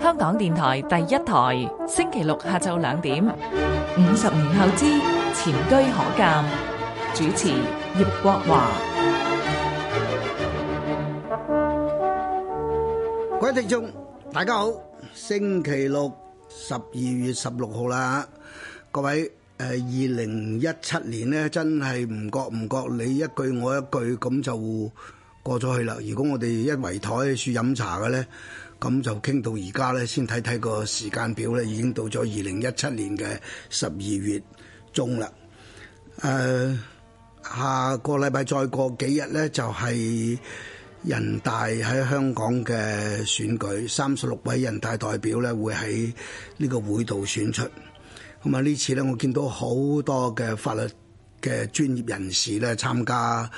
香港電台第一台星期六下晝過咗去啦！如果我哋一圍台喺處飲茶嘅呢，咁就傾到而家呢。先睇睇個時間表呢已經到咗二零一七年嘅十二月中啦。誒、呃，下個禮拜再過幾日呢，就係、是、人大喺香港嘅選舉，三十六位人大代表呢會喺呢個會度選出。咁啊，呢次呢，我見到好多嘅法律嘅專業人士呢參加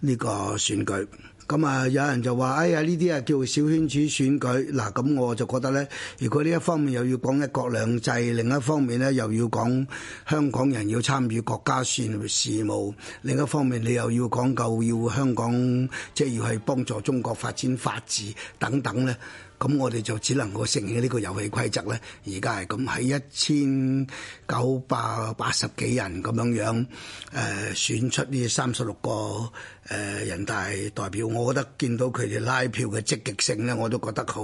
呢個選舉。咁啊、嗯，有人就話：哎呀，呢啲啊叫做小圈子選舉，嗱，咁我就覺得呢，如果呢一方面又要講一國兩制，另一方面呢又要講香港人要參與國家事務，另一方面你又要講究要香港即係、就是、要係幫助中國發展法治等等呢。咁我哋就只能夠適應呢個遊戲規則咧。而家係咁，喺一千九百八十幾人咁樣樣誒、呃、選出呢三十六個誒、呃、人大代表，我覺得見到佢哋拉票嘅積極性咧，我都覺得好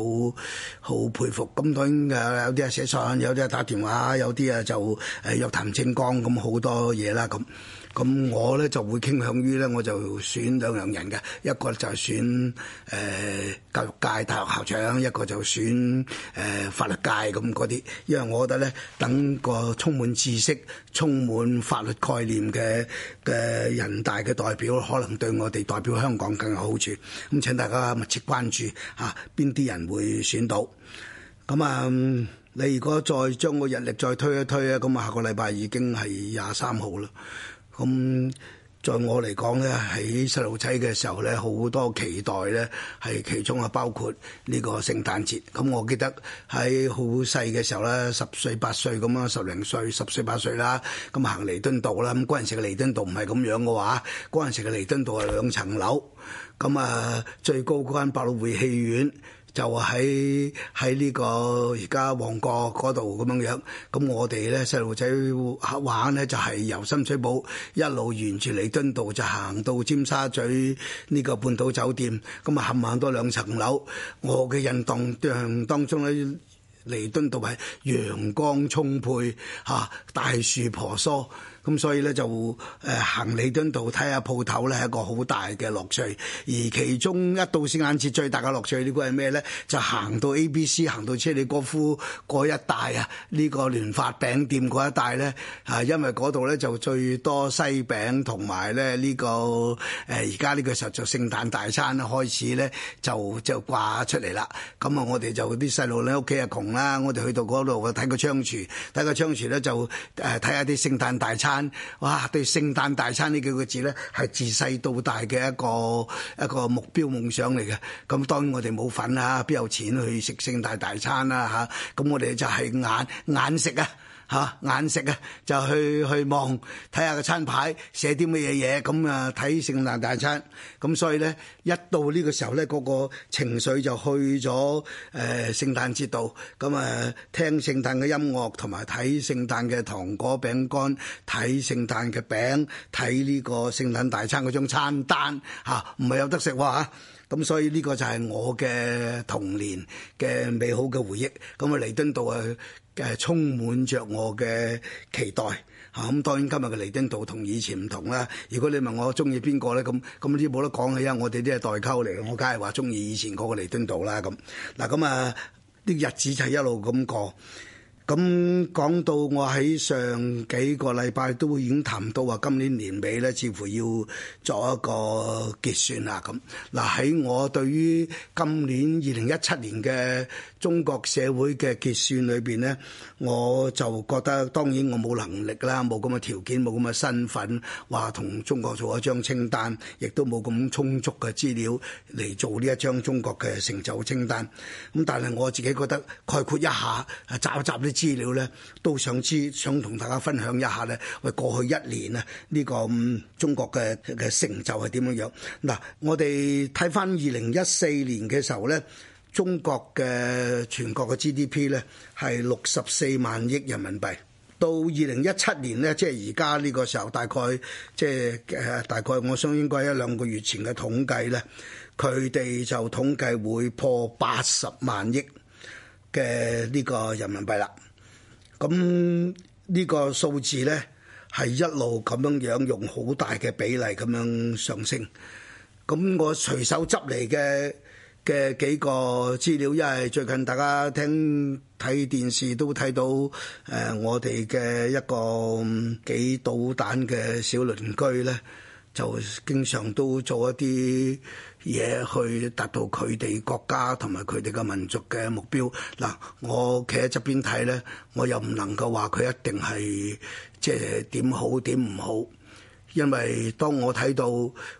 好佩服。咁當然誒，有啲啊寫信，有啲啊打電話，有啲啊就誒約談政綱咁好多嘢啦咁。咁我咧就會傾向於咧，我就選兩個人嘅，一個就選誒、呃、教育界大學校長，一個就選誒、呃、法律界咁嗰啲，因為我覺得咧，等個充滿知識、充滿法律概念嘅嘅人大嘅代表，可能對我哋代表香港更有好處。咁請大家密切關注吓邊啲人會選到。咁啊，你如果再將個日曆再推一推啊，咁啊下個禮拜已經係廿三號啦。咁在我嚟講咧，喺細路仔嘅時候咧，好多期待咧，係其中啊包括呢個聖誕節。咁我記得喺好細嘅時候咧，十歲八歲咁啊，十零歲十歲八歲啦，咁行彌敦道啦。咁嗰陣時嘅彌敦道唔係咁樣嘅話，嗰陣時嘅彌敦道係兩層樓，咁啊最高嗰間百老匯戲院。就喺喺呢個而家旺角嗰度咁樣樣，咁我哋咧細路仔玩咧就係、是、由深水埗一路沿住彌敦道就行到尖沙咀呢個半島酒店，咁啊冚唪唥都兩層樓。我嘅印象當中咧，彌敦道係陽光充沛，嚇、啊，大樹婆娑。咁所以咧就誒行彌敦道睇下鋪頭咧係一個好大嘅樂趣，而其中一到聖誕節最大嘅樂趣、這個、呢個係咩咧？就行到 A、B、C，行到車厘哥夫一帶啊，呢、這個聯發餅店一帶咧，啊，因為度咧就最多西餅同埋咧呢個誒而家呢個時候就聖誕大餐咧開始咧就就掛出嚟啦。咁啊，我哋就啲細路咧屋企啊窮啦，我哋去到度睇個窗櫥，睇個窗櫥咧就誒睇下啲聖誕大餐。哇！對聖誕大餐呢幾個字咧，係自細到大嘅一個一個目標夢想嚟嘅。咁當然我哋冇份啊，邊有錢去食聖誕大餐啊？吓，咁我哋就係眼眼食啊！嚇眼色啊，就去去望睇下個餐牌寫啲乜嘢嘢，咁啊睇聖誕大餐，咁所以咧一到呢個時候咧，嗰個情緒就去咗誒聖誕節度，咁啊聽聖誕嘅音樂，同埋睇聖誕嘅糖果餅乾，睇聖誕嘅餅，睇呢個聖誕大餐嗰張餐單嚇，唔係有得食喎嚇，咁所以呢個就係我嘅童年嘅美好嘅回憶，咁啊彌敦道啊。係充滿着我嘅期待吓，咁、嗯、當然今日嘅彌敦道同以前唔同啦。如果你問我中意邊個咧？咁咁呢啲冇得講嘅，因為我哋啲係代溝嚟，我梗係話中意以前嗰個彌敦道啦。咁嗱，咁啊啲、這個、日子就係一路咁過。咁講到我喺上幾個禮拜都會已經談到話今年年尾咧，似乎要作一個結算啦。咁嗱喺我對於今年二零一七年嘅中國社會嘅結算裏邊咧，我就覺得當然我冇能力啦，冇咁嘅條件，冇咁嘅身份話同中國做一張清單，亦都冇咁充足嘅資料嚟做呢一張中國嘅成就清單，咁、嗯、但係我自己覺得概括一下，集一集啲。資料咧都想知，想同大家分享一下咧。喂，過去一年啊，呢、呢個中國嘅嘅成就係點樣樣？嗱，我哋睇翻二零一四年嘅時候咧，中國嘅全國嘅 GDP 咧係六十四萬億人民幣。到二零一七年咧，即係而家呢個時候，大概即係誒，即係、大概我想應該一兩個月前嘅統計咧，佢哋就統計會破八十萬億嘅呢個人民幣啦。咁呢個數字呢，係一路咁樣樣用好大嘅比例咁樣上升。咁我隨手執嚟嘅嘅幾個資料，因為係最近大家聽睇電視都睇到，誒、呃、我哋嘅一個幾搗蛋嘅小鄰居呢，就經常都做一啲嘢去達到佢哋國家同埋佢哋嘅民族嘅目標。嗱，我企喺側邊睇咧，我又唔能夠話佢一定係即係點好點唔好，因為當我睇到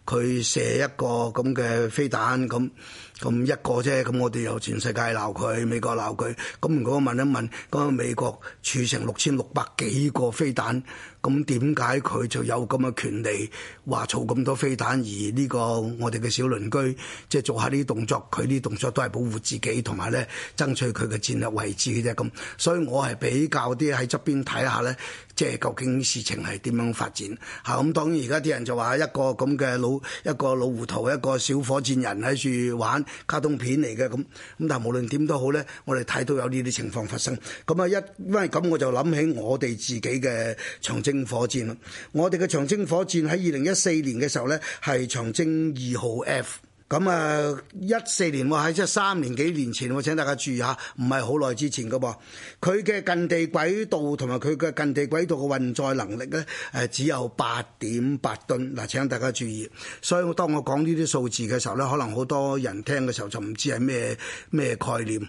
佢射一個咁嘅飛彈，咁咁一個啫，咁我哋又全世界鬧佢，美國鬧佢。咁如果我問一問嗰個美國，儲成六千六百幾個飛彈？咁點解佢就有咁嘅權利？話嘈咁多飛彈？而呢個我哋嘅小鄰居即係、就是、做下啲動作，佢啲動作都係保護自己同埋咧爭取佢嘅戰略位置嘅啫。咁所以我係比較啲喺側邊睇下咧，即、就、係、是、究竟事情係點樣發展？嚇咁、嗯、當然而家啲人就話一個咁嘅老一個老糊塗一個小火箭人喺住玩卡通片嚟嘅咁咁，但係無論點都好咧，我哋睇到有呢啲情況發生。咁啊一因為咁我就諗起我哋自己嘅長。長征火箭，我哋嘅長征火箭喺二零一四年嘅時候呢，係長征二號 F。咁啊，一四年喎，喺即係三年幾年前喎。請大家注意下，唔係好耐之前噶噃。佢嘅近地軌道同埋佢嘅近地軌道嘅運載能力呢，誒只有八點八噸。嗱，請大家注意。所以我當我講呢啲數字嘅時候呢，可能好多人聽嘅時候就唔知係咩咩概念。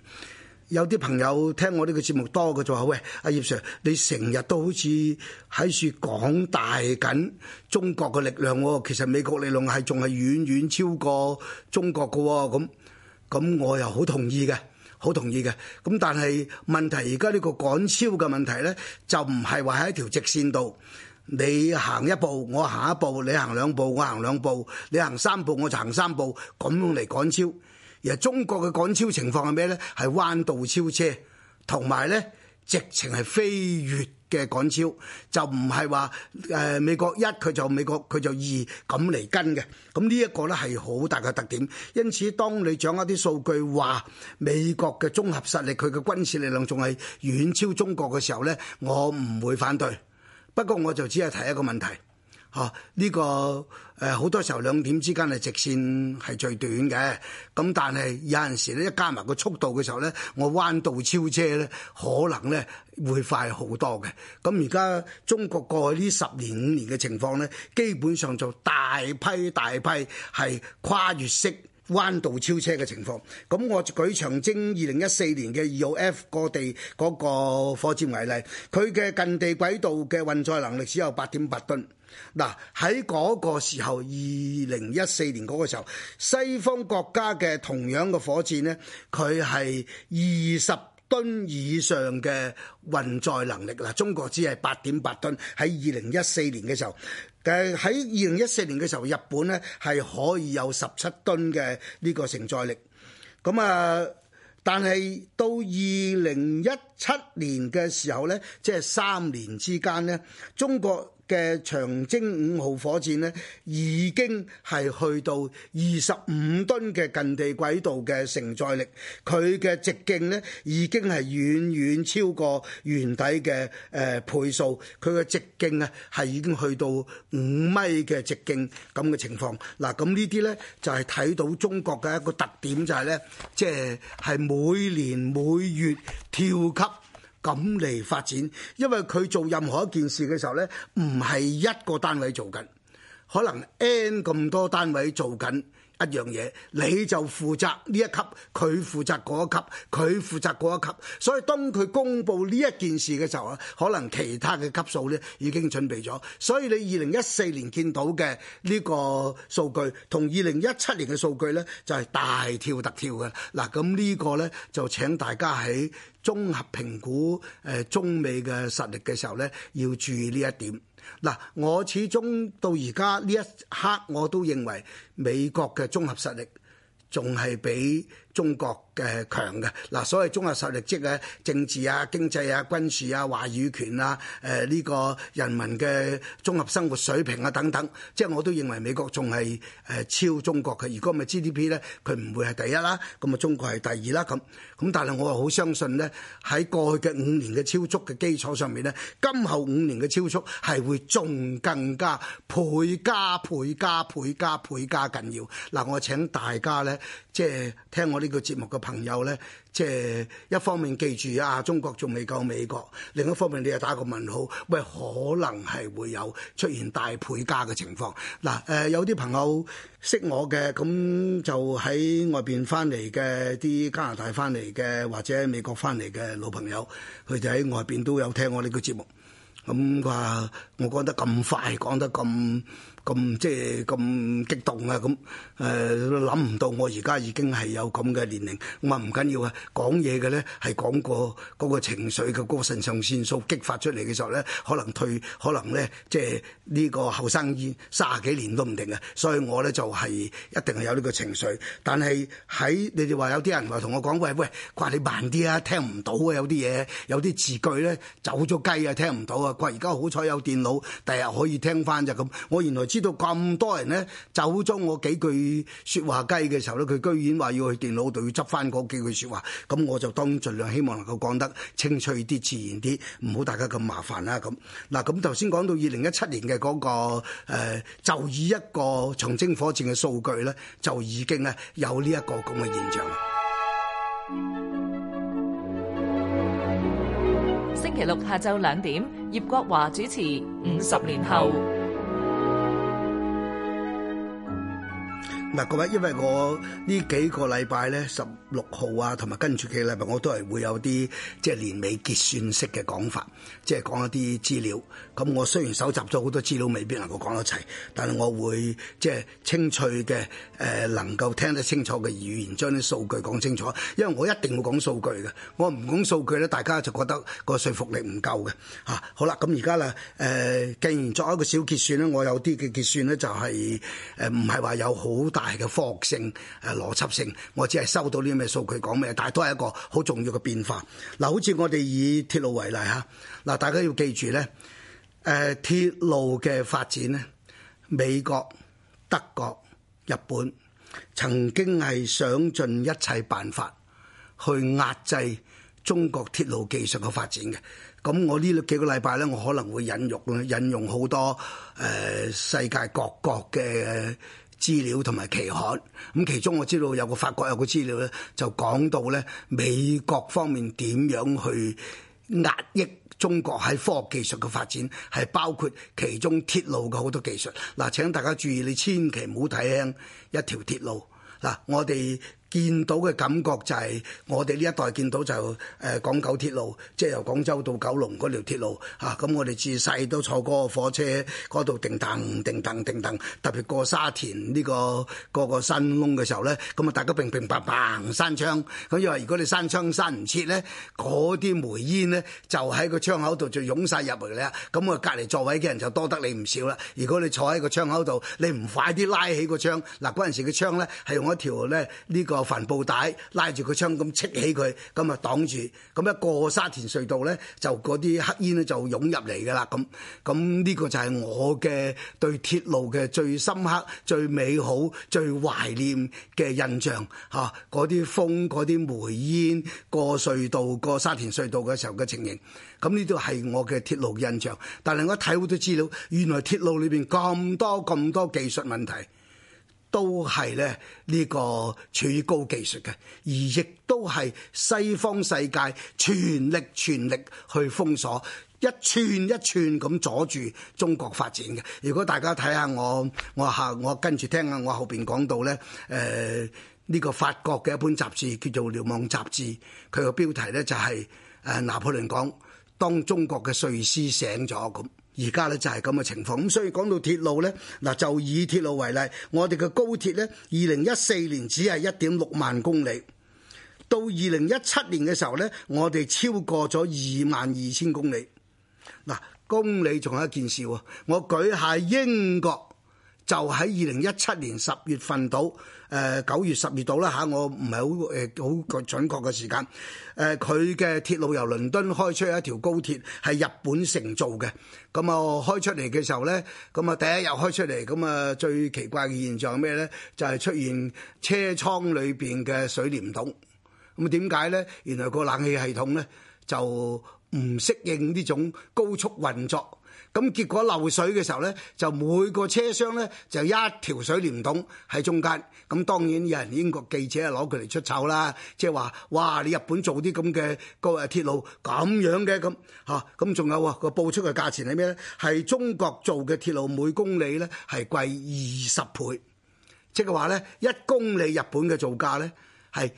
有啲朋友聽我呢個節目多嘅就話喂，阿葉 sir，你成日都好似喺處講大緊中國嘅力量喎，其實美國力量係仲係遠遠超過中國嘅喎，咁咁我又好同意嘅，好同意嘅。咁但係問題而家呢個趕超嘅問題呢，就唔係話喺一條直線度，你行一步，我行一步，你行兩步，我行兩步，你行三步，我就行三步，咁樣嚟趕超。而中國嘅趕超情況係咩呢？係彎道超車，同埋呢直情係飛越嘅趕超，就唔係話誒美國一佢就美國佢就二咁嚟跟嘅。咁呢一個呢係好大嘅特點。因此，當你掌握啲數據話美國嘅綜合實力，佢嘅軍事力量仲係遠超中國嘅時候呢，我唔會反對。不過我就只係提一個問題。哦，呢個誒好多時候兩點之間係直線係最短嘅，咁但係有陣時咧一加埋個速度嘅時候咧，我彎道超車咧可能咧會快好多嘅。咁而家中國過去呢十年五年嘅情況咧，基本上就大批大批係跨越式。彎道超車嘅情況，咁我舉長征二零一四年嘅二 o F 過地嗰個火箭為例，佢嘅近地軌道嘅運載能力只有八點八噸。嗱喺嗰個時候，二零一四年嗰個時候，西方國家嘅同樣嘅火箭呢，佢係二十。噸以上嘅運載能力嗱，中國只係八點八噸喺二零一四年嘅時候，誒喺二零一四年嘅時候，日本呢係可以有十七噸嘅呢個承載力，咁啊，但係到二零一七年嘅時候呢，即係三年之間呢，中國，嘅長征五號火箭咧，已經係去到二十五噸嘅近地軌道嘅承載力，佢嘅直徑咧，已經係遠遠超過原底嘅，誒倍數，佢嘅直徑啊係已經去到五米嘅直徑咁嘅情況，嗱，咁呢啲咧，就係睇到中國嘅一個特點就係咧，即係係每年每月跳級。咁嚟發展，因為佢做任何一件事嘅時候咧，唔係一個單位做緊，可能 N 咁多單位做緊。一樣嘢，你就負責呢一級，佢負責嗰一級，佢負責嗰一級，所以當佢公佈呢一件事嘅時候啊，可能其他嘅級數呢已經準備咗，所以你二零一四年見到嘅呢個數據，同二零一七年嘅數據呢，就係大跳特跳嘅。嗱，咁呢個呢，就請大家喺綜合評估誒中美嘅實力嘅時候呢，要注意呢一點。嗱，我始終到而家呢一刻，我都認為美國嘅綜合實力仲係比中國嘅強嘅嗱，所謂綜合實力即係政治啊、經濟啊、軍事啊、話語權啊、誒、呃、呢、這個人民嘅綜合生活水平啊等等，即係我都認為美國仲係誒超中國嘅。如果唔係 GDP 咧，佢唔會係第一啦，咁啊中國係第二啦咁。咁但係我又好相信咧，喺過去嘅五年嘅超速嘅基礎上面咧，今後五年嘅超速係會仲更加倍加倍加倍加倍加緊要。嗱、呃，我請大家咧，即係聽我啲、這個。呢個節目嘅朋友呢，即係一方面記住啊，中國仲未夠美國；另一方面，你又打個問號，喂，可能係會有出現大倍加嘅情況。嗱，誒，有啲朋友識我嘅，咁就喺外邊翻嚟嘅，啲加拿大翻嚟嘅，或者美國翻嚟嘅老朋友，佢哋喺外邊都有聽我呢個節目。咁話我講得咁快，講得咁。咁即係咁激動啊！咁，誒諗唔到，我而家已經係有咁嘅年齡，咁啊唔緊要啊，講嘢嘅咧係講過個情緒嘅個腎上腺素激發出嚟嘅時候咧，可能退，可能咧即係呢個後生醫卅幾年都唔定啊。所以我咧就係一定係有呢個情緒，但係喺你哋話有啲人話同我講喂喂，佢話你慢啲啊，聽唔到啊，有啲嘢有啲字句咧走咗雞啊，聽唔到啊。佢話而家好彩有電腦第日可以聽翻就咁。我原來。知道咁多人呢走咗我幾句說話雞嘅時候咧，佢居然話要去電腦度要執翻嗰幾句說話，咁我就當然盡量希望能夠講得清脆啲、自然啲，唔好大家咁麻煩啦。咁嗱，咁頭先講到二零一七年嘅嗰、那個誒、呃，就以一個長征火箭嘅數據咧，就已經咧有呢一個咁嘅現象啦。星期六下晝兩點，葉國華主持《五十年後》。嗱，各位，因為我呢幾個禮拜咧，十六號啊，同埋跟住幾個禮拜，我都係會有啲即係年尾結算式嘅講法，即係講一啲資料。咁我雖然搜集咗好多資料，未必能夠講得齊，但係我會即係清脆嘅誒、呃、能夠聽得清楚嘅語言，將啲數據講清楚。因為我一定會講數據嘅，我唔講數據咧，大家就覺得個說服力唔夠嘅。嚇、啊，好啦，咁而家啦，誒、呃、既然作一個小結算咧，我有啲嘅結算咧就係誒唔係話有好大。大嘅科學性、誒邏輯性，我只係收到啲咩數據講咩，但係都係一個好重要嘅變化。嗱，好似我哋以鐵路為例嚇，嗱，大家要記住咧，誒鐵路嘅發展咧，美國、德國、日本曾經係想盡一切辦法去壓制中國鐵路技術嘅發展嘅。咁我呢幾個禮拜咧，我可能會引用引用好多誒世界各國嘅資料同埋期刊，咁其中我知道有個法國有個資料咧，就講到咧美國方面點樣去壓抑中國喺科學技術嘅發展，係包括其中鐵路嘅好多技術。嗱，請大家注意，你千祈唔好睇輕一條鐵路。嗱，我哋。見到嘅感覺就係我哋呢一代見到就誒廣九鐵路，即係由廣州到九龍嗰條鐵路嚇。咁我哋自細都坐個火車嗰度，叮噔叮噔叮噔。特別過沙田呢個個個山窿嘅時候咧，咁啊大家乒乒乓乓閂窗。咁因為如果你閂窗閂唔切咧，嗰啲煤煙咧就喺個窗口度就湧曬入嚟啦。咁啊隔離座位嘅人就多得你唔少啦。如果你坐喺個窗口度，你唔快啲拉起個窗嗱，嗰陣時嘅窗咧係用一條咧呢個。有帆布帶拉住個槍咁戚起佢，咁啊擋住，咁一過沙田隧道呢，就嗰啲黑煙咧就湧入嚟㗎啦。咁咁呢個就係我嘅對鐵路嘅最深刻、最美好、最懷念嘅印象。嚇、啊，嗰啲風、嗰啲煤煙過隧道、過沙田隧道嘅時候嘅情形，咁呢度係我嘅鐵路印象。但係我一睇好多資料，原來鐵路裏邊咁多咁多技術問題。都係咧呢個處於高技術嘅，而亦都係西方世界全力全力去封鎖，一寸一寸咁阻住中國發展嘅。如果大家睇下我，我下我跟住聽下我後邊講到咧，誒、呃、呢、這個法國嘅一本雜誌叫做《瞭望雜誌》，佢個標題咧就係誒拿破崙講，當中國嘅睡獅醒咗咁。而家咧就係咁嘅情況，咁所以講到鐵路呢，嗱就以鐵路為例，我哋嘅高鐵呢，二零一四年只係一點六萬公里，到二零一七年嘅時候呢，我哋超過咗二萬二千公里。嗱，公里仲有一件事，我舉下英國。就喺二零一七年十月份到，誒九月十月到啦嚇，我唔係好誒好準確嘅時間。誒佢嘅鐵路由倫敦開出一條高鐵，係日本承造嘅。咁啊開出嚟嘅時候咧，咁啊第一日開出嚟，咁啊最奇怪嘅現象咩咧？就係出現車廂裏邊嘅水簾洞。咁啊點解咧？原來個冷氣系統咧就唔適應呢種高速運作。咁結果漏水嘅時候呢，就每個車廂呢就一條水簾洞喺中間。咁當然有人英國記者啊攞佢嚟出醜啦，即係話：哇！你日本做啲咁嘅個鐵路咁樣嘅咁嚇。咁、啊、仲有啊個報出嘅價錢係咩咧？係中國做嘅鐵路每公里呢係貴二十倍，即係話呢，一公里日本嘅造價呢係，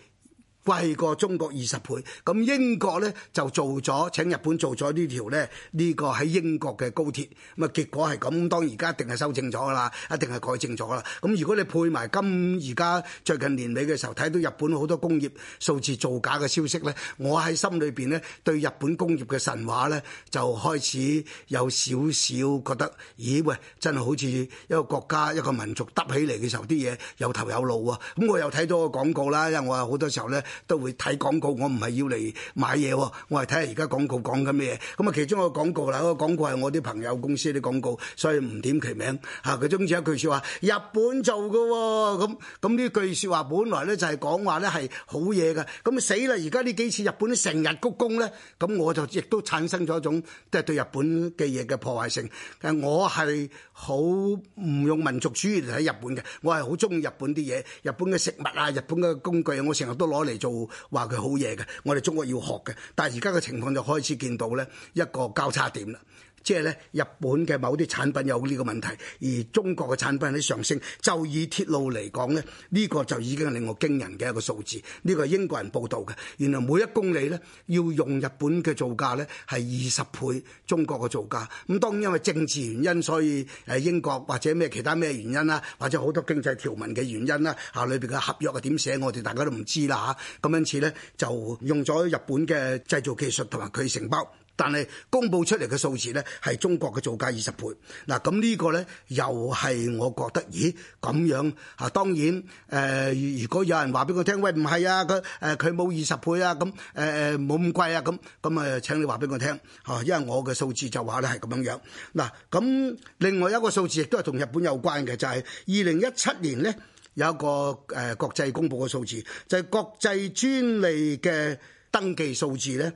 貴過中國二十倍，咁英國呢就做咗請日本做咗呢條咧呢、呢個喺英國嘅高鐵，咁啊結果係咁，當而家一定係修正咗啦，一定係改正咗啦。咁如果你配埋今而家最近年尾嘅時候睇到日本好多工業數字造假嘅消息呢，我喺心裏邊呢對日本工業嘅神話呢，就開始有少少覺得，咦喂，真係好似一個國家一個民族得起嚟嘅時候啲嘢有頭有腦啊！咁我又睇到個廣告啦，因為我好多時候呢。都會睇廣告，我唔係要嚟買嘢喎，我係睇下而家廣告講緊咩嘢。咁啊，其中一個廣告啦，一個廣告係我啲朋友公司啲廣告，所以唔點其名嚇。佢中止一句説話，日本做噶喎、哦。咁咁呢句説話本來咧就係講話咧係好嘢嘅。咁死啦！而家呢幾次日本成日鞠躬咧，咁我就亦都產生咗一種即係對日本嘅嘢嘅破壞性。誒，我係好唔用民族主義嚟睇日本嘅，我係好中意日本啲嘢，日本嘅食物啊，日本嘅工具，我成日都攞嚟。做話佢好嘢嘅，我哋中國要學嘅，但係而家嘅情況就開始見到咧一個交叉點啦。即係咧，日本嘅某啲產品有呢個問題，而中國嘅產品喺上升。就以鐵路嚟講咧，呢個就已經係令我驚人嘅一個數字。呢個係英國人報道嘅，原來每一公里咧要用日本嘅造價咧係二十倍中國嘅造價。咁當然因為政治原因，所以誒英國或者咩其他咩原因啦，或者好多經濟條文嘅原因啦，嚇裏邊嘅合約係點寫，我哋大家都唔知啦嚇。咁因此咧就用咗日本嘅製造技術同埋佢承包。但係公佈出嚟嘅數字咧，係中國嘅造價二十倍嗱。咁呢個咧又係我覺得咦，咁樣啊。當然誒、呃，如果有人話俾佢聽，喂，唔係啊，佢誒佢冇二十倍啊，咁誒誒冇咁貴啊，咁咁啊，請你話俾我聽吓，因為我嘅數字就話咧係咁樣樣嗱。咁另外一個數字亦都係同日本有關嘅，就係二零一七年咧有一個誒國際公佈嘅數字，就係、是、國際專利嘅登記數字咧，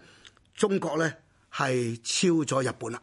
中國咧，係超咗日本啦，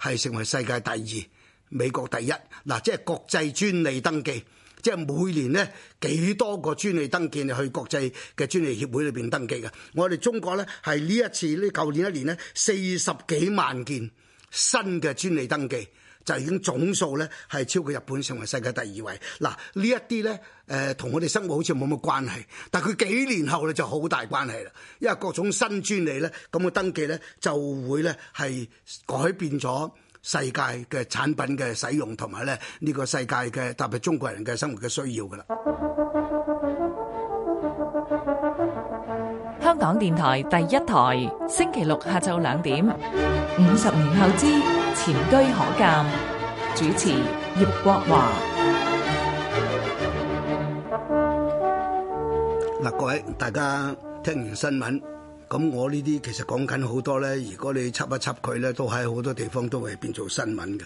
係成為世界第二，美國第一。嗱，即係國際專利登記，即係每年呢幾多個專利登記去國際嘅專利協會裏邊登記嘅。我哋中國呢係呢一次呢舊年一年呢，四十幾萬件新嘅專利登記。就已經總數咧係超過日本，成為世界第二位。嗱，呢一啲咧誒，同、呃、我哋生活好似冇乜關係。但係佢幾年後咧就好大關係啦，因為各種新專利咧咁嘅登記咧就會咧係改變咗世界嘅產品嘅使用同埋咧呢、這個世界嘅特別中國人嘅生活嘅需要噶啦。香港電台第一台，星期六下晝兩點，五十年後之。前車可鑑，主持葉國華。嗱，各位大家聽完新聞，咁我呢啲其實講緊好多咧。如果你插一插佢咧，都喺好多地方都會變做新聞嘅。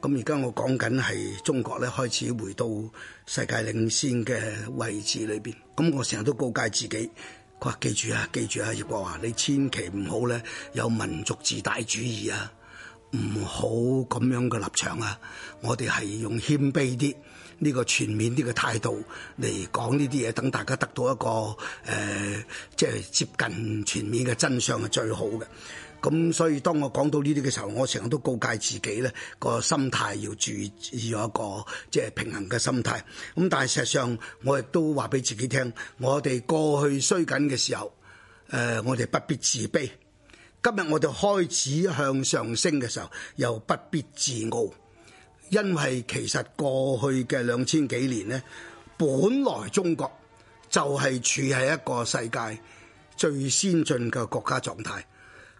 咁而家我講緊係中國咧開始回到世界領先嘅位置裏邊。咁我成日都告誡自己，佢話記住啊，記住啊，葉國華，你千祈唔好咧有民族自大主義啊！唔好咁樣嘅立場啊！我哋係用謙卑啲呢個全面啲嘅態度嚟講呢啲嘢，等大家得到一個誒，即係接近全面嘅真相係最好嘅。咁所以當我講到呢啲嘅時候，我成日都告誡自己咧，個心態要注意咗一個即係平衡嘅心態。咁但係事實上，我亦都話俾自己聽，我哋過去衰緊嘅時候，誒，我哋不必自卑。今日我哋開始向上升嘅時候，又不必自傲，因為其實過去嘅兩千幾年呢，本來中國就係處喺一個世界最先進嘅國家狀態。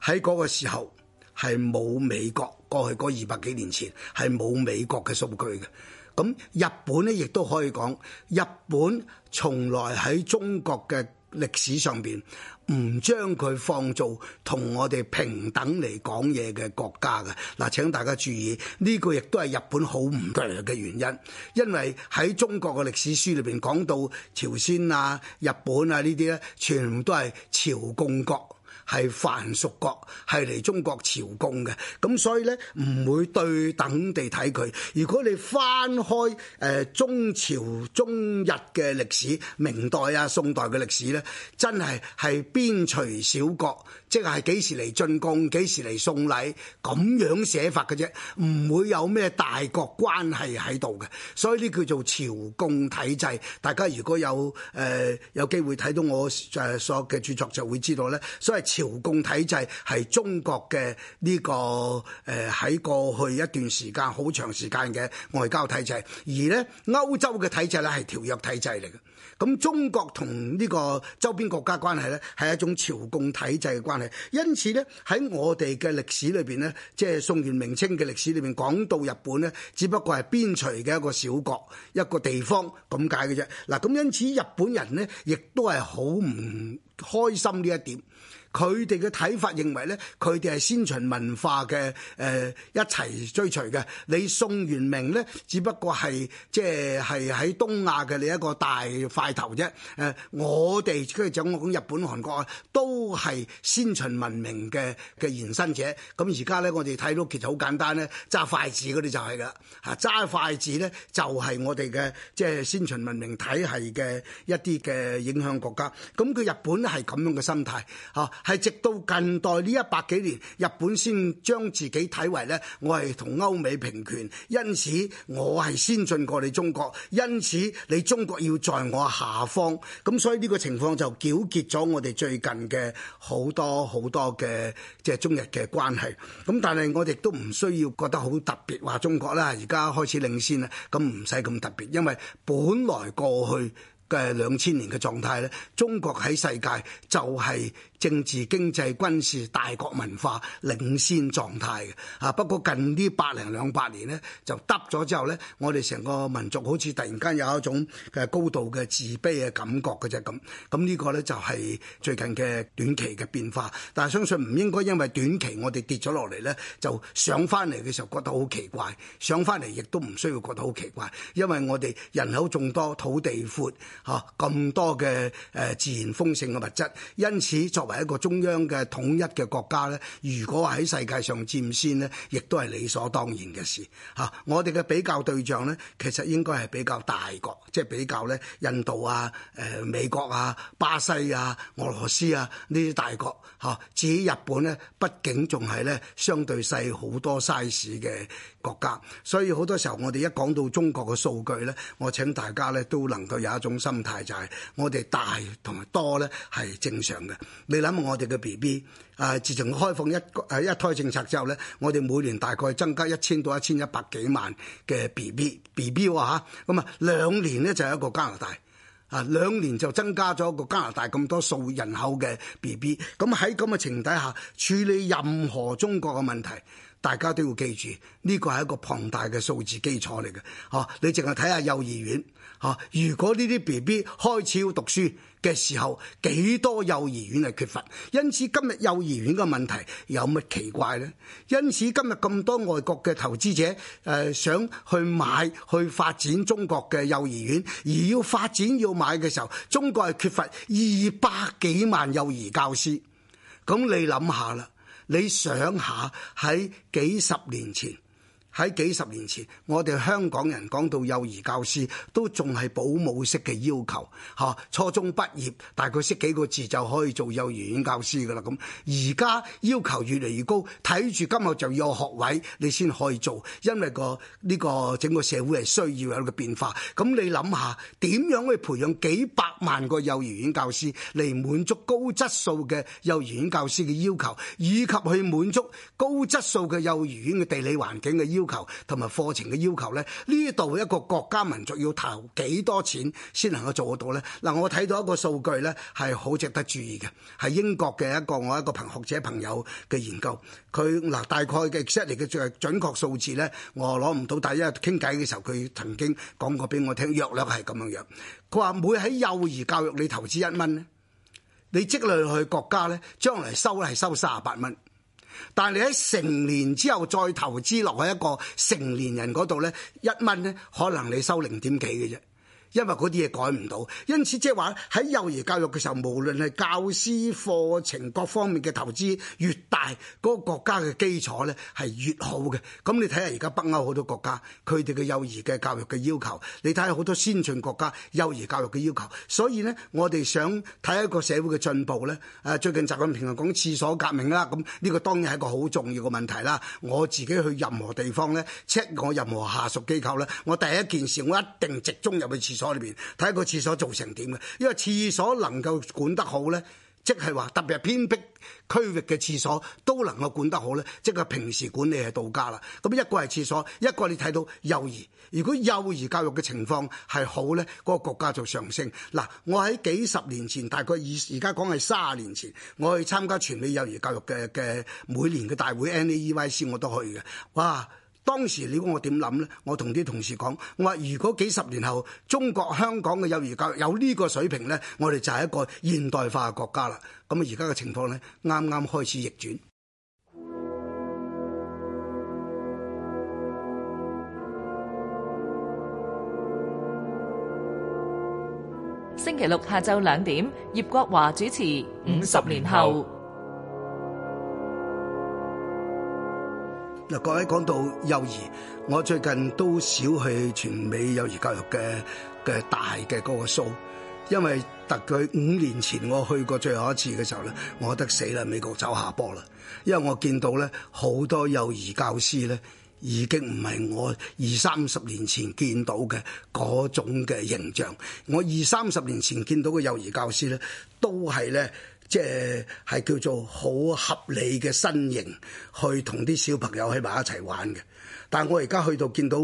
喺嗰個時候，係冇美國。過去嗰二百幾年前，係冇美國嘅數據嘅。咁日本呢，亦都可以講，日本從來喺中國嘅歷史上邊。唔將佢放做同我哋平等嚟講嘢嘅國家嘅。嗱，請大家注意呢個亦都係日本好唔強嘅原因，因為喺中國嘅歷史書裏邊講到朝鮮啊、日本啊呢啲咧，全部都係朝貢國。係藩屬國係嚟中國朝貢嘅，咁所以咧唔會對等地睇佢。如果你翻開誒、呃、中朝中日嘅歷史，明代啊宋代嘅歷史咧，真係係邊陲小國，即係幾時嚟進貢幾時嚟送禮咁樣寫法嘅啫，唔會有咩大國關係喺度嘅。所以呢叫做朝貢體制。大家如果有誒、呃、有機會睇到我誒所嘅著作，就會知道咧。所以。朝貢體制係中國嘅，呢、這個誒喺、呃、過去一段時間好長時間嘅外交體制，而咧歐洲嘅體制咧係條約體制嚟嘅。咁、嗯、中國同呢個周邊國家關係咧係一種朝貢體制嘅關係，因此咧喺我哋嘅歷史裏邊咧，即係宋元明清嘅歷史裏邊講到日本咧，只不過係邊陲嘅一個小國一個地方咁解嘅啫。嗱、嗯、咁，因此日本人咧亦都係好唔開心呢一點。佢哋嘅睇法認為咧，佢哋係先秦文化嘅誒、呃、一齊追隨嘅。你宋元明咧，只不過係即係係喺東亞嘅另一個大塊頭啫。誒、呃，我哋即係就我講日本韓國啊，都係先秦文明嘅嘅延伸者。咁而家咧，我哋睇到其實好簡單咧，揸筷子嗰啲就係、是、啦。嚇，揸筷子咧就係、是、我哋嘅即係先秦文明體系嘅一啲嘅影響國家。咁、嗯、佢日本咧係咁樣嘅心態，嚇、啊。係直到近代呢一百幾年，日本先將自己睇為呢，我係同歐美平權，因此我係先進過你中國，因此你中國要在我下方。咁所以呢個情況就糾結咗我哋最近嘅好多好多嘅即係中日嘅關係。咁但係我哋都唔需要覺得好特別話中國啦，而家開始領先喇，咁唔使咁特別，因為本來過去嘅兩千年嘅狀態呢中國喺世界就係、是。政治、經濟軍事、大國文化領先狀態嘅，啊不過近呢百零兩百年咧就得咗之後咧，我哋成個民族好似突然間有一種誒高度嘅自卑嘅感覺嘅啫咁。咁、啊這個、呢個咧就係、是、最近嘅短期嘅變化，但係相信唔應該因為短期我哋跌咗落嚟咧就上翻嚟嘅時候覺得好奇怪，上翻嚟亦都唔需要覺得好奇怪，因為我哋人口眾多、土地闊吓咁、啊、多嘅誒自然豐盛嘅物質，因此作。作為一個中央嘅統一嘅國家咧，如果喺世界上佔先呢亦都係理所當然嘅事。嚇，我哋嘅比較對象呢其實應該係比較大國，即係比較咧印度啊、誒美國啊、巴西啊、俄羅斯啊呢啲大國。嚇，至於日本呢，畢竟仲係咧相對細好多 size 嘅國家，所以好多時候我哋一講到中國嘅數據呢，我請大家呢都能夠有一種心態，就係我哋大同埋多呢係正常嘅。你諗下我哋嘅 B B 啊，自從開放一誒一,一胎政策之後咧，我哋每年大概增加一千到一千一百幾萬嘅 B B B B、啊、吓，咁啊兩年咧就係一個加拿大啊，兩年就增加咗一個加拿大咁多數人口嘅 B B，咁喺咁嘅情底下處理任何中國嘅問題，大家都要記住呢、呢個係一個龐大嘅數字基礎嚟嘅。吓、啊、你淨係睇下幼兒園。啊！如果呢啲 B B 開始要讀書嘅時候，幾多幼兒園係缺乏？因此今日幼兒園嘅問題有乜奇怪呢？因此今日咁多外國嘅投資者誒、呃，想去買去發展中國嘅幼兒園，而要發展要買嘅時候，中國係缺乏二百幾萬幼兒教師。咁你諗下啦，你想下喺幾十年前。喺幾十年前，我哋香港人講到幼兒教師都仲係保姆式嘅要求，吓，初中畢業，大概識幾個字就可以做幼兒園教師噶啦。咁而家要求越嚟越高，睇住今後就要學位你先可以做，因為個呢個整個社會係需要有個變化。咁你諗下，點樣去培養幾百萬個幼兒園教師嚟滿足高質素嘅幼兒園教師嘅要求，以及去滿足高質素嘅幼兒園嘅地理環境嘅要求。求同埋課程嘅要求呢，呢度一個國家民族要投幾多錢先能夠做得到呢？嗱，我睇到一個數據呢，係好值得注意嘅，係英國嘅一個我一個朋學者朋友嘅研究。佢嗱大概嘅 exactly 嘅準確數字呢，我攞唔到，但係傾偈嘅時候佢曾經講過俾我聽，約略係咁樣樣。佢話每喺幼兒教育你投資一蚊咧，你積累去國家呢，將來收係收三十八蚊。但係你喺成年之後再投資落去一個成年人嗰度咧，一蚊咧可能你收零點幾嘅啫。因為啲嘢改唔到，因此即係話喺幼兒教育嘅時候，無論係教師課程各方面嘅投資越大，嗰個國家嘅基礎咧係越好嘅。咁你睇下而家北歐好多國家，佢哋嘅幼兒嘅教育嘅要求，你睇下好多先進國家幼兒教育嘅要求。所以咧，我哋想睇一個社會嘅進步咧。誒，最近習近平又講廁所革命啦，咁呢個當然係一個好重要嘅問題啦。我自己去任何地方咧 check 我任何下屬機構咧，我第一件事我一定集中入去廁所。所裏邊睇個廁所做成點嘅，因為廁所能夠管得好呢，即係話特別係偏僻區域嘅廁所都能夠管得好呢，即係平時管理係到家啦。咁一個係廁所，一個你睇到幼兒，如果幼兒教育嘅情況係好呢，嗰個國家就上升。嗱，我喺幾十年前，大概而而家講係三十年前，我去參加全美幼兒教育嘅嘅每年嘅大會 NAEYC 我都去嘅。哇！當時你估我點諗呢？我同啲同事講，我話如果幾十年後中國香港嘅幼兒教育有呢個水平呢，我哋就係一個現代化嘅國家啦。咁而家嘅情況呢，啱啱開始逆轉。星期六下晝兩點，葉國華主持。五十年後。各位，講到幼兒，我最近都少去全美幼兒教育嘅嘅大嘅嗰個數，因為特區五年前我去過最後一次嘅時候咧，我覺得死啦，美國走下坡啦，因為我見到咧好多幼兒教師咧已經唔係我二三十年前見到嘅嗰種嘅形象，我二三十年前見到嘅幼兒教師咧都係咧。即係係叫做好合理嘅身形，去同啲小朋友喺埋一齊玩嘅。但係我而家去到見到。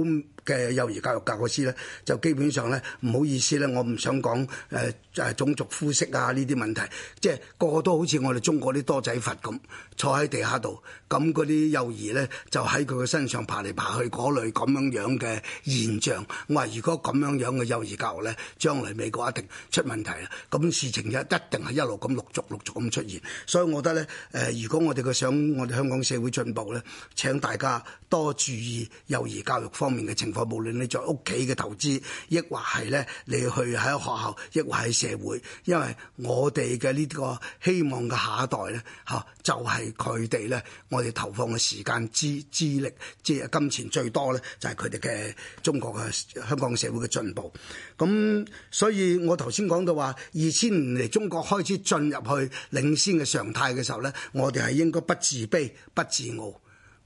嘅幼兒教育教師咧，就基本上咧唔好意思咧，我唔想講誒誒種族膚色啊呢啲問題，即係個個都好似我哋中國啲多仔佛咁坐喺地下度，咁啲幼兒咧就喺佢嘅身上爬嚟爬去嗰類咁樣樣嘅現象。我話如果咁樣樣嘅幼兒教育咧，將來美國一定出問題啦。咁事情就一定係一路咁陸續陸續咁出現，所以我覺得咧誒、呃、如果我哋嘅想我哋香港社會進步咧，請大家多注意幼兒教育方面嘅情。無論你，你在屋企嘅投資，亦或係咧你去喺學校，亦或係社會因為我哋嘅呢個希望嘅下一代咧，吓就係佢哋咧，我哋投放嘅時間、資資力、即係金錢最多咧，就係佢哋嘅中國嘅香港社會嘅進步。咁所以我說說，我頭先講到話，二千年嚟中國開始進入去領先嘅常態嘅時候咧，我哋係應該不自卑、不自傲，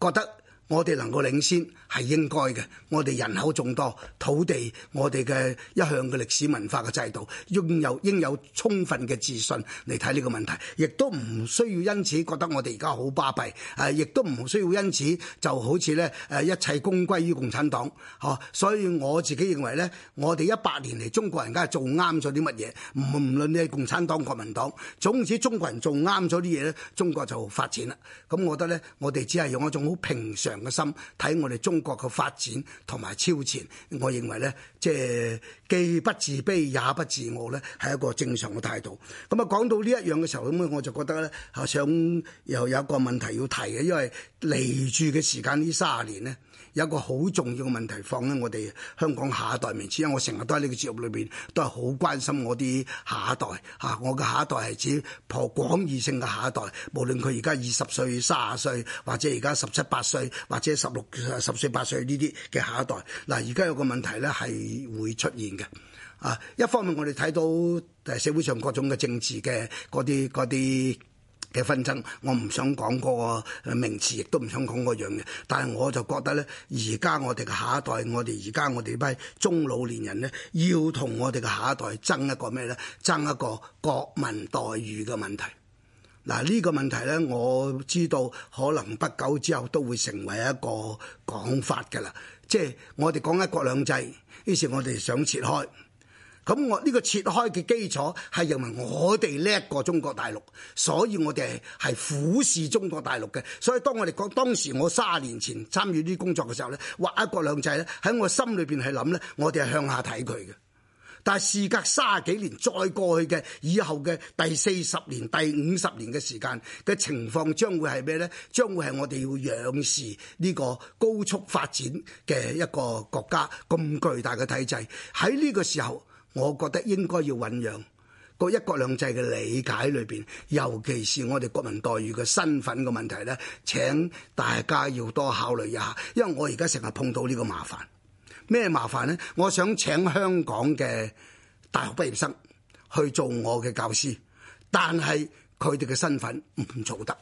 覺得我哋能夠領先。係應該嘅，我哋人口眾多，土地，我哋嘅一向嘅歷史文化嘅制度，擁有應有充分嘅自信嚟睇呢個問題，亦都唔需要因此覺得我哋而家好巴閉，誒，亦都唔需要因此就好似咧誒一切功歸於共產黨吓，所以我自己認為咧，我哋一百年嚟中國人家係做啱咗啲乜嘢，唔唔論你係共產黨國民黨，總之中國人做啱咗啲嘢咧，中國就發展啦。咁我覺得咧，我哋只係用一種好平常嘅心睇我哋中。中國嘅發展同埋超前，我認為咧，即係既不自卑也不自傲咧，係一個正常嘅態度。咁啊，講到呢一樣嘅時候，咁啊，我就覺得咧，啊，想又有一個問題要提嘅，因為離住嘅時間呢卅年咧。有一個好重要嘅問題放喺我哋香港下一代面前，因為我成日都喺呢個節目裏邊都係好關心我啲下一代嚇，我嘅下一代係指頗廣義性嘅下一代，無論佢而家二十歲、卅啊歲，或者而家十七八歲，或者十六十歲八歲呢啲嘅下一代。嗱，而家有個問題咧係會出現嘅啊，一方面我哋睇到誒社會上各種嘅政治嘅啲嗰啲。嘅紛爭，我唔想講個名詞，亦都唔想講個樣嘅。但係我就覺得咧，而家我哋嘅下一代，我哋而家我哋呢班中老年人咧，要同我哋嘅下一代爭一個咩咧？爭一個國民待遇嘅問題。嗱，呢個問題咧，我知道可能不久之後都會成為一個講法噶啦。即係我哋講一國兩制，於是，我哋想切開。咁我呢個切開嘅基礎係認為我哋叻過中國大陸，所以我哋係俯視中國大陸嘅。所以當我哋講當時我三十年前參與呢工作嘅時候呢，話一國兩制呢，喺我心裏邊係諗呢，我哋係向下睇佢嘅。但係事隔三十幾年再過去嘅以後嘅第四十年、第五十年嘅時間嘅情況，將會係咩呢？將會係我哋要仰視呢個高速發展嘅一個國家咁巨大嘅體制喺呢個時候。我覺得應該要醖釀個一國兩制嘅理解裏邊，尤其是我哋國民待遇嘅身份嘅問題呢，請大家要多考慮一下，因為我而家成日碰到呢個麻煩。咩麻煩呢？我想請香港嘅大學畢業生去做我嘅教師，但係佢哋嘅身份唔做得，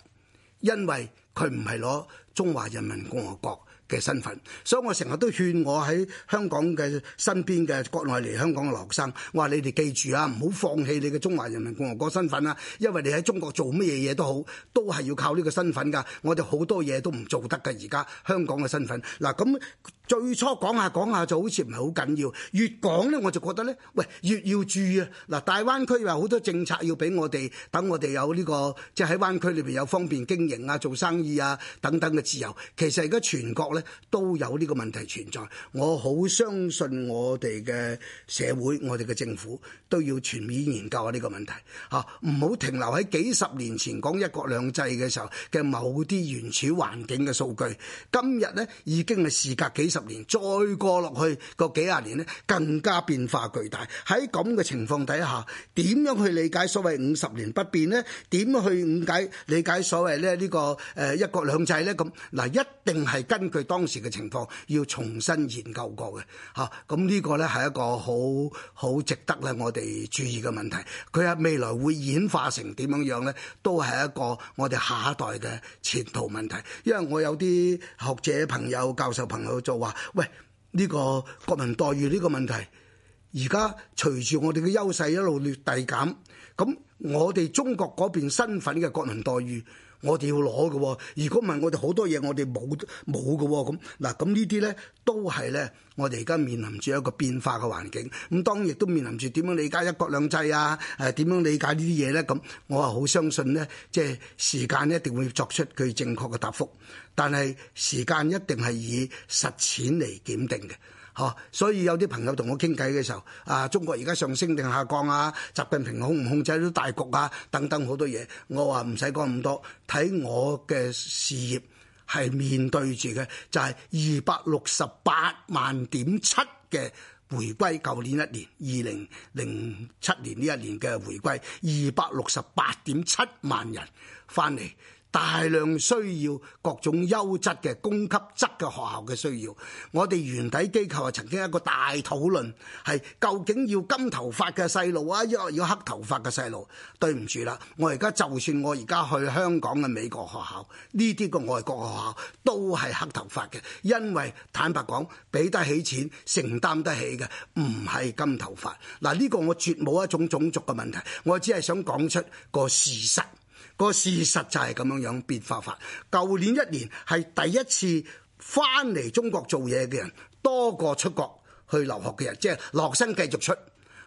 因為佢唔係攞中華人民共和國嘅身份，所以我成日都勸我喺香港嘅身邊嘅國內嚟香港嘅學生，我話你哋記住啊，唔好放棄你嘅中華人民共和國身份啊！因為你喺中國做乜嘢都好，都係要靠呢個身份噶，我哋好多嘢都唔做得噶。而家香港嘅身份嗱咁。啊最初講下講下就好似唔係好緊要，越講咧我就覺得咧，喂越要注意啊！嗱，大灣區話好多政策要俾我哋，等我哋有呢個即係喺灣區裏邊有方便經營啊、做生意啊等等嘅自由。其實而家全國咧都有呢個問題存在。我好相信我哋嘅社會我哋嘅政府都要全面研究下呢個問題吓，唔好停留喺幾十年前講一國兩制嘅時候嘅某啲原始環境嘅數據，今日咧已經係時隔幾十。十年再過落去個幾廿年咧，更加變化巨大。喺咁嘅情況底下，點樣去理解所謂五十年不變咧？點去誤解理解所謂咧呢個誒、呃、一國兩制咧？咁嗱，一定係根據當時嘅情況要重新研究過嘅吓，咁、啊、呢個咧係一個好好值得咧我哋注意嘅問題，佢喺未來會演化成點樣樣咧？都係一個我哋下一代嘅前途問題，因為我有啲學者朋友、教授朋友做。喂，呢、這個國民待遇呢個問題，而家隨住我哋嘅優勢一路劣遞減，咁我哋中國嗰邊身份嘅國民待遇。我哋要攞嘅、哦，如果唔係我哋好多嘢我哋冇冇嘅，咁嗱咁呢啲咧都係咧，我哋而家面臨住一個變化嘅環境。咁當然亦都面臨住點樣理解一國兩制啊？誒、呃、點樣理解呢啲嘢咧？咁我係好相信咧，即、就、係、是、時間一定會作出佢正確嘅答覆。但係時間一定係以實踐嚟檢定嘅。嚇！所以有啲朋友同我傾偈嘅時候，啊，中國而家上升定下降啊？習近平控唔控制到大局啊？等等好多嘢，我話唔使講咁多，睇我嘅事業係面對住嘅就係二百六十八萬點七嘅回歸，舊年一年二零零七年呢一年嘅回歸二百六十八點七萬人翻嚟。大量需要各種優質嘅供給質嘅學校嘅需要，我哋原底機構啊曾經一個大討論係，究竟要金頭髮嘅細路啊，一係要黑頭髮嘅細路。對唔住啦，我而家就算我而家去香港嘅美國學校，呢啲個外國學校都係黑頭髮嘅，因為坦白講，俾得起錢，承擔得起嘅唔係金頭髮。嗱，呢個我絕冇一種種族嘅問題，我只係想講出個事實。個事實就係咁樣樣變化法，舊年一年係第一次翻嚟中國做嘢嘅人多過出國去留學嘅人，即係留學生繼續出。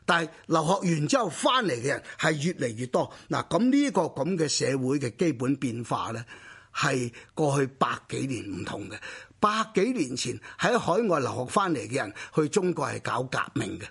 但係留學完之後翻嚟嘅人係越嚟越多。嗱、這個，咁呢個咁嘅社會嘅基本變化呢，係過去百幾年唔同嘅。百幾年前喺海外留學翻嚟嘅人去中國係搞革命嘅，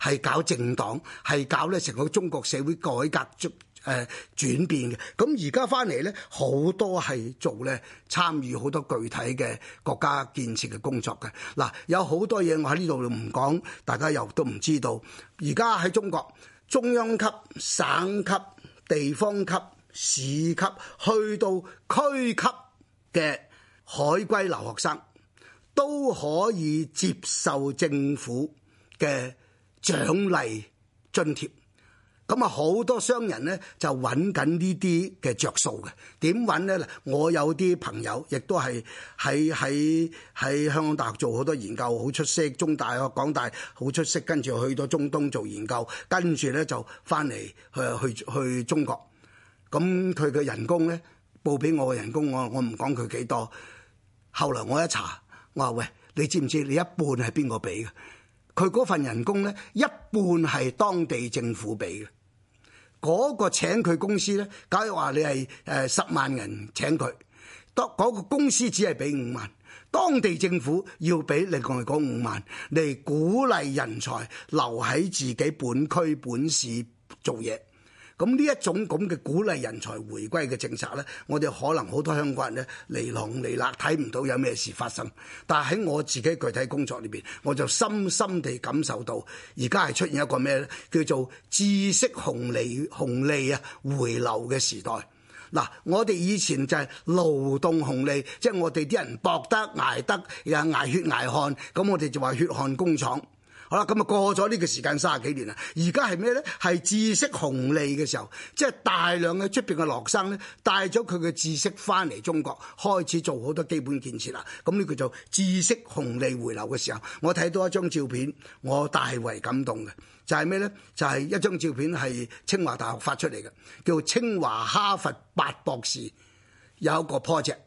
係搞政黨，係搞呢成個中國社會改革。誒轉變嘅，咁而家翻嚟呢，好多係做呢參與好多具體嘅國家建設嘅工作嘅。嗱，有好多嘢我喺呢度唔講，大家又都唔知道。而家喺中國，中央級、省級、地方級、市級，去到區級嘅海歸留學生都可以接受政府嘅獎勵津貼。咁啊，好多商人咧就揾緊呢啲嘅着數嘅。點揾咧？我有啲朋友亦都係喺喺喺香港大學做好多研究，好出色。中大學、港大好出色，跟住去咗中東做研究，跟住咧就翻嚟去去去中國。咁佢嘅人工咧，報俾我嘅人工，我我唔講佢幾多。後嚟我一查，我話喂，你知唔知你一半係邊個俾嘅？佢嗰份人工咧，一半係當地政府俾嘅。嗰個請佢公司咧，假如話你係誒十萬人請佢，當、那、嗰個公司只係俾五萬，當地政府要俾另外講五萬，嚟鼓勵人才留喺自己本區本市做嘢。咁呢一種咁嘅鼓勵人才回歸嘅政策呢，我哋可能好多香港人呢，嚟嚕嚟啦睇唔到有咩事發生，但喺我自己具體工作裏邊，我就深深地感受到，而家係出現一個咩呢？叫做知識紅利紅利啊回流嘅時代。嗱，我哋以前就係勞動紅利，即係我哋啲人搏得捱得又捱血捱汗，咁我哋就話血汗工廠。好啦，咁啊過咗呢個時間三十幾年啦，而家係咩呢？係知識紅利嘅時候，即係大量嘅出邊嘅學生呢，帶咗佢嘅知識翻嚟中國，開始做好多基本建設啦。咁呢叫做知識紅利回流嘅時候，我睇到一張照片，我大為感動嘅，就係咩呢？就係一張照片係清華大學發出嚟嘅，叫清華哈佛八博士有一個 project。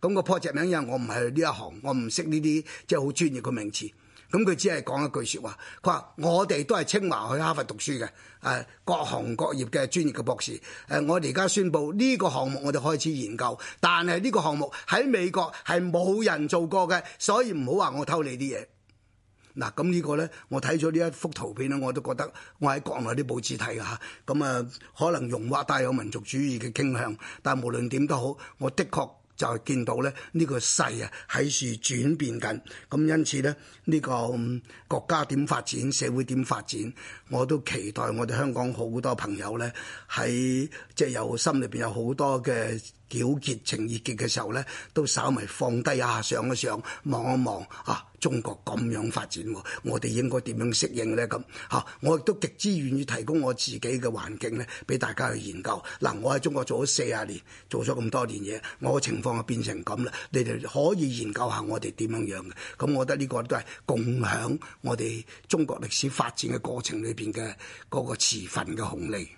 咁個 project 名，因為我唔係呢一行，我唔識呢啲即係好專業嘅名詞。咁佢只係講一句説話，佢話我哋都係清華去哈佛讀書嘅，誒各行各業嘅專業嘅博士，誒我哋而家宣布呢個項目，我哋開始研究，但係呢個項目喺美國係冇人做過嘅，所以唔好話我偷你啲嘢。嗱，咁呢個呢，我睇咗呢一幅圖片呢，我都覺得我喺國內啲報紙睇下，咁啊可能用畫帶有民族主義嘅傾向，但係無論點都好，我的確。就係見到咧，呢個勢啊喺處轉變緊，咁因此咧，呢個國家點發展，社會點發展，我都期待我哋香港好多朋友咧，喺即係由心裏面有好多嘅。糾結、情意結嘅時候咧，都稍微放低下，上一上望一望嚇、啊，中國咁樣發展，我哋應該點樣適應咧？咁、啊、嚇，我亦都極之願意提供我自己嘅環境咧，俾大家去研究。嗱、啊，我喺中國做咗四十年，做咗咁多年嘢，我嘅情況就變成咁啦。你哋可以研究下我哋點樣樣嘅。咁、啊、我覺得呢個都係共享我哋中國歷史發展嘅過程裏邊嘅嗰個持份嘅紅利。